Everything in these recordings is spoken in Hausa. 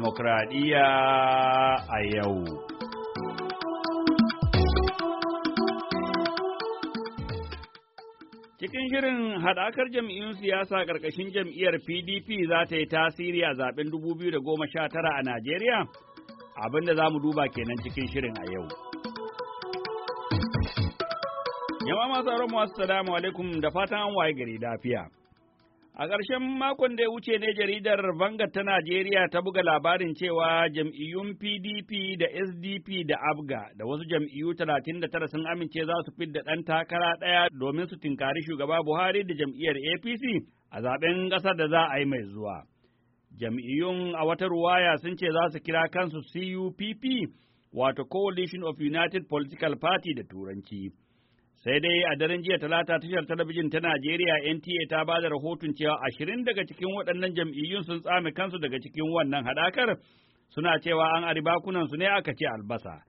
demokradiyya a yau. Cikin shirin haɗakar jam'iyyun siyasa ƙarƙashin jam'iyyar PDP za ta yi tasiri a zaɓen 2019 a Najeriya, Abinda da za mu duba kenan cikin shirin a yau. Yama masu aron masu salamu alaikum da fatan an waye gari lafiya. A ƙarshen makon da ya wuce ne jaridar Vanga ta Najeriya ta buga labarin cewa jam'iyyun PDP da SDP da ABGA da wasu jam'iyyu talatin da tara sun amince za su fidda ɗan takara ɗaya domin su tinkari shugaba Buhari da jam'iyyar APC a zaben ƙasar da za a yi mai zuwa. Jam'iyyun a wata ruwaya sun ce za su kira kansu CUPP wato Coalition of United Political Party da Turanci. Sai dai a daren jiya talata tashar talabijin ta Najeriya NTA ta ba da rahoton cewa ashirin daga cikin waɗannan jam'iyyun sun tsame kansu daga cikin wannan hadakar suna cewa an ari bakunan su ne aka ce albasa.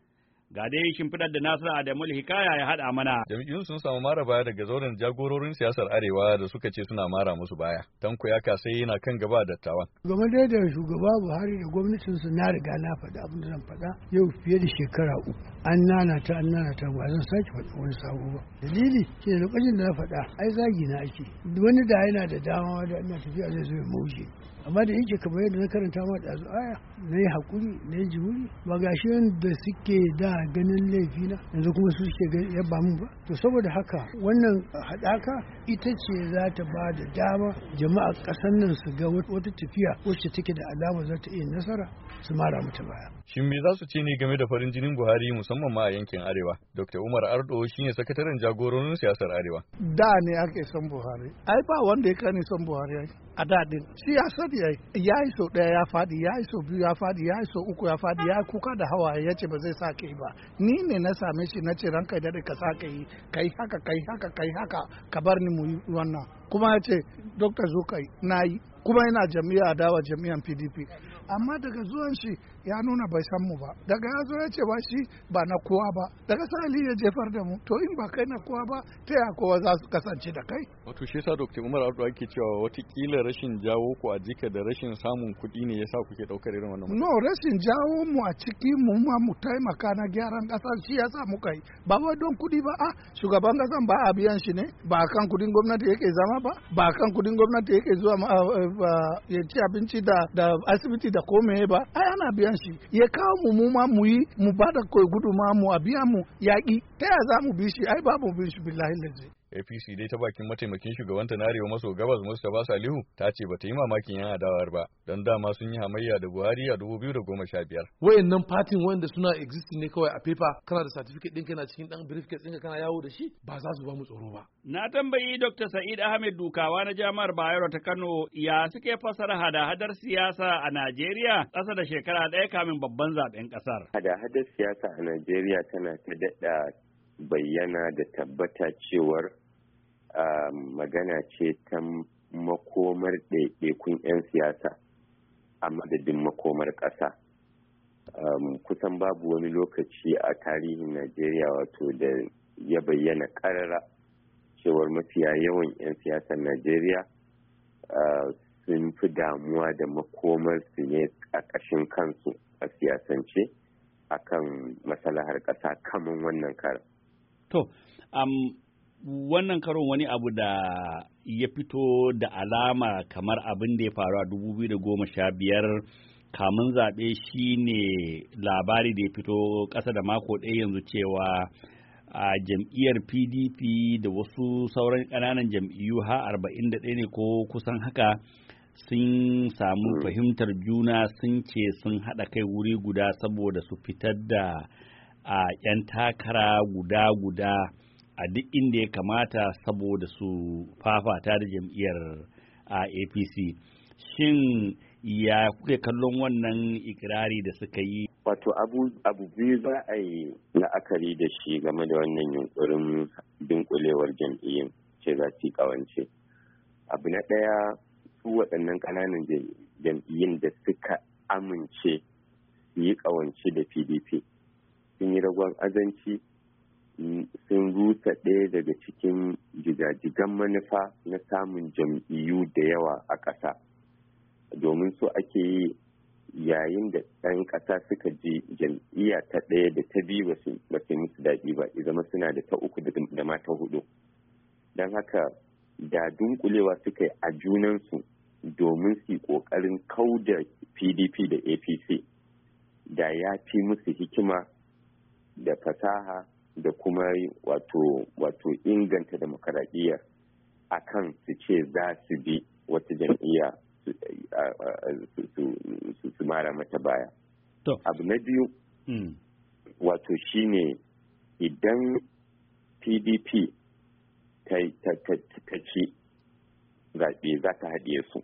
Ga dai shimfiɗar da Nasiru Adamu Hikaya ya haɗa mana. Jam'iyyun sun samu mara baya daga zauren jagororin siyasar Arewa da suka ce suna mara musu baya. Tanko ya sai yana kan gaba da dattawan. Game dai da shugaba Buhari da gwamnatinsu na riga na faɗa abin da zan faɗa yau fiye da shekara uku. An nanata an ta ba zan sake faɗa wani sabo ba. Dalili shi lokacin da na faɗa ai zagi na ake. Wani da yana da dama da ina tafiya zai zo ya mauje. amma da yake kamar yadda na karanta ma da aya na yi hakuri, na yi jihuri ba gashi da suke da suna ganin laifina yanzu kuma su suke yaba mu ba to saboda haka wannan haɗaka ita ce za ta ba da dama jama'a ƙasar nan su ga wata tafiya wacce take da alama za ta iya nasara su mara mata baya. Shin me za su ce ne game da farin jinin Buhari musamman ma a yankin Arewa? Dr. Umar Ardo shine sakataren jagororin siyasar Arewa. Da ne ake son Buhari. Ai ba wanda ya kani son Buhari ai. A din siyasar ya ya yi sau ɗaya ya faɗi, ya yi sau biyu ya faɗi, ya yi sau uku ya faɗi, ya kuka da hawa ya ce ba zai sake ba. Ni ne na same shi na ce ranka da ka sake yi, kai haka, kai haka, kai haka, ka bar ni mu yi wannan. kuma ya ce dokta zukai na yi kuma yana jami'a dawa jami'an pdp amma daga zuwan shi ya nuna bai san mu ba daga ya zo ya ce ba shi ba na kowa ba daga sali ya jefar da mu to in ba kai na kowa ba ta ya kowa za su kasance da kai wato shi yasa dr umar abdu ake cewa watakila rashin jawo ku a jika da rashin samun kuɗi ne yasa kuke daukar irin wannan no rashin jawo mu a ciki mu ma mu taimaka na gyaran kasar shi yasa mu yi ba wai don kuɗi ba a shugaban ƙasan ba a biyan shi ne ba kan kuɗin gwamnati yake zama ba ba kan kuɗin gwamnati yake zuwa eh, ya ci abinci da asibiti da komai ba ai ana biyan wajen shi ya kawo mu mu ma mu yi mu bada kai gudu ma mu a biya mu yaƙi ta ya za mu bi shi ai babu bin shi billahi lazi APC dai ta bakin mataimakin shugabanta na Arewa maso gabas Mustapha Salihu ta ce bata yi mamakin yan adawar ba dan dama sun yi hamayya da Buhari a 2015. Wayannan fatin wanda suna existing ne kawai a paper kana da certificate ɗinka na cikin ɗan briefcase ɗinka kana yawo da shi ba za su ba mu tsoro ba. Na tambayi Dr. Sa'id Ahmed Dukawa na Jami'ar Bayero ta Kano ya suke fasara hada-hadar siyasa a Najeriya kasa da shekara daya kamin babban zaben ƙasar. Hada-hadar siyasa a Najeriya tana ta daɗa bayyana da tabbata cewar Um, magana ce ta makomar ɗaiɗaikun 'yan siyasa a madadin makomar ƙasa um, kusan babu wani lokaci a tarihin najeriya wato da ya bayyana ƙarara cewar mafiya yawan 'yan siyasar najeriya uh, sun fi damuwa da makomar su ne a ƙashin kansu a siyasance akan masalahar ƙasa kamun wannan kara To, um, wannan karon wani abu da ya fito da alama kamar abin da ya faru a 2015 kamun zaɓe ne labari da ya fito ƙasa da mako ɗaya yanzu cewa a jam'iyyar pdp da wasu sauran ƙananan jam'iyyu ha 41 ne ko kusan haka sun samu hmm. fahimtar juna sun ce sun haɗa kai wuri guda saboda su fitar da a 'yan takara guda-guda a duk inda ya kamata saboda su fafata da jam'iyyar apc shin ya kuke kallon wannan ikirari da suka yi wato abu biyu za a yi la'akari da shi game da wannan yunkurin dunkulewar jam'iyyar ce za su yi kawance abu na ɗaya su waɗannan ƙananan jam'iyyun da suka amince su yi kawance da pdp sun yi ragon azanci sun rusa ɗaya daga cikin jigajigan manufa na samun jam'iyyu da yawa a ƙasa domin su ake yi yayin da ɗan ƙasa suka je jam'iyya ta ɗaya da ta biyu ba su musu daɗi ba zama suna da ta uku da ma ta hudu don haka da dunkulewa suka yi a junansu domin su yi ƙoƙarin kauda pdp da apc da ya fi musu hikima da fasaha da kuma wato wato inganta a kan su ce za su bi wata jam'iyya su mara mata baya abu na biyu hmm. wato shine idan pdp ta ci zaɓe za ta haɗe su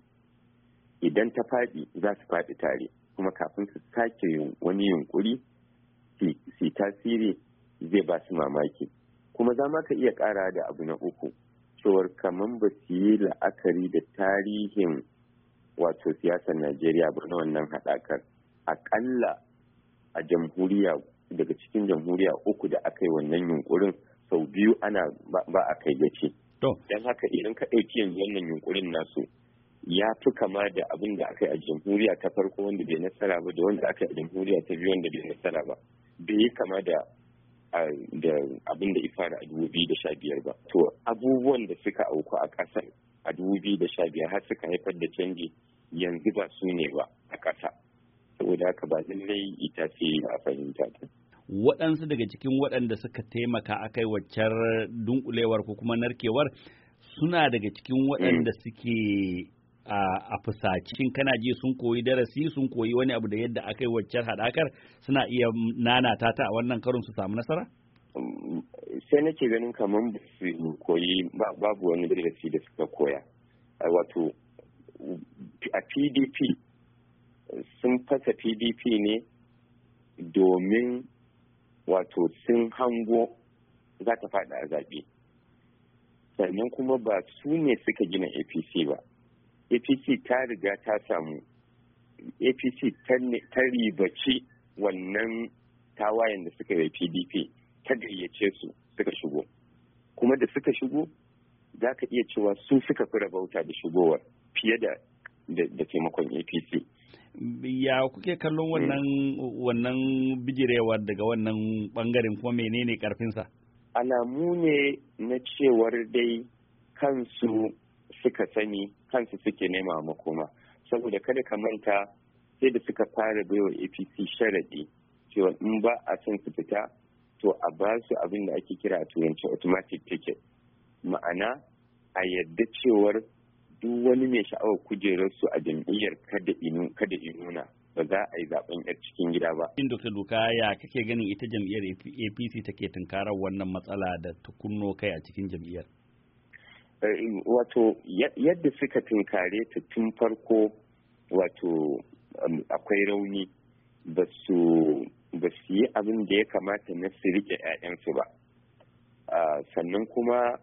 idan ta faɗi za su faɗi tare kuma kafin su sake wani yunkuri su tasiri zai ba su mamaki kuma za ka iya ƙara da abu na uku cewar kamar ba su yi la'akari da tarihin wato siyasar najeriya ba na wannan haɗakar aƙalla a jamhuriya daga cikin jamhuriya uku da aka yi wannan yunkurin sau biyu ana ba a kai gaci don haka idan ka ɗauki yanzu wannan yunkurin nasu ya fi kama da abin da aka yi a jamhuriya ta farko wanda bai nasara ba da wanda aka yi a jamhuriya ta biyu wanda bai nasara ba bai yi kama da da abin da ifara a biyar ba to abubuwan da suka auku a ƙasar a biyar har suka haifar da canji yanzu ba su ne ba a ƙasa saboda haka ba lallai ita ce a fahimta ta waɗansu daga cikin waɗanda suka taimaka akai waccar dunkulewar ko kuma narkewar suna daga cikin waɗanda mm. suke a fusaci shin kana ji sun koyi darasi sun koyi wani abu da yadda aka yi waccan haɗakar suna iya nanata ta a wannan karon su samu nasara sai nake ganin kamar ba su koyi babu wani darasi da suka koya wato a pdp sun fasa pdp ne domin wato sun hango za ta faɗa a zaɓe sannan kuma ba su ne suka gina apc ba apc ta riga ta samu apc ta ribaci wannan tawayen da suka yi pdp ta gayyace su suka shigo kuma da suka shigo za ka iya cewa su suka fi rabauta da shigowar fiye da da taimakon apc ya kuke kallon wannan wannan bijirewa daga wannan bangaren kuma menene karfinsa alamu ne na cewar dai kansu suka sani kansu suke nema makoma saboda kada ka manta sai da suka fara baiwa apc sharaɗi cewa in ba a son su fita to a ba su abin da ake kira a turanci automatic ticket ma'ana a yadda cewar duk wani mai sha'awar kujerar su a jam'iyyar kada inuna ba za a yi zaben yar cikin gida ba. In Dr. Duka ya kake ganin ita jam'iyyar APC take tunkarar wannan matsala da tukunno kai a cikin jam'iyyar? Eh, wato yadda suka tunkare ta tun farko wato um, akwai rauni ba su yi abin da ya kamata na su rike 'ya'yansu ba ah, sannan kuma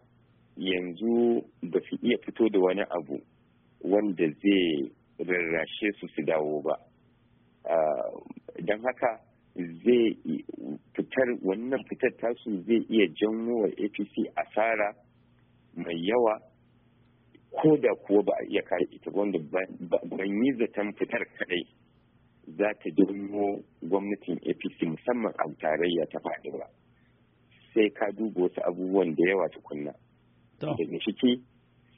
yanzu ba su iya fito da wani abu wanda zai rarrashe su su dawo ba ah, don haka zai fitar wannan fitar tasu zai iya janwo wa apc asara mai yawa ko da kuwa ba a iya kare ita wanda ban yi zaton fitar kadai za ta janyo gwamnatin apc musamman a tarayya ta faɗi ba sai ka duba wasu abubuwan da yawa tukunna Da ciki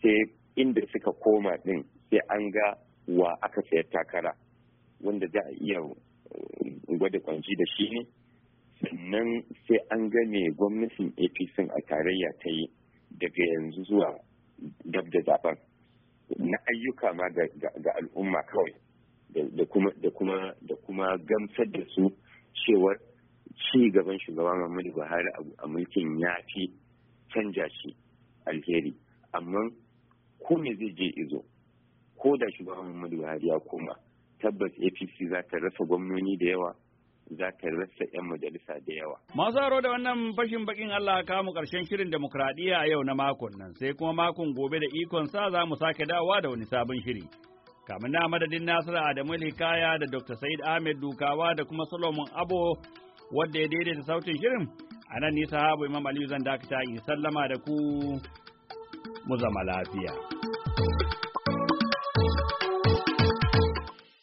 sai inda suka koma din sai an ga wa aka sayar takara wanda za a iya eh, gwada kwanci da shi ne sannan sai an ga me gwamnatin apc a tarayya ta yi daga yanzu zuwa gab da zaben na ayyuka ma ga al'umma kawai da kuma gamsar da su cewar ci gaban shugaba Muhammadu Buhari a mulkin ya fi canja shi alheri amma ko me zai je izo ko da shugaba Muhammadu Buhari ya koma tabbas APC za ta rasa gwamnoni da yawa za ka rasa 'yan majalisa da yawa. Masu haro da wannan fashin bakin Allah ka mu karshen shirin demokradiyya a yau na makon nan sai kuma makon gobe da ikon sa za mu sake dawa da wani sabon shiri. Kamin na madadin Nasiru Adamu Hikaya da Dr. Said Ahmed Dukawa da kuma Solomon Abo wadda ya daidaita sautin shirin a nan nisa habu Imam Aliyu zan dakata in sallama da ku mu zama lafiya.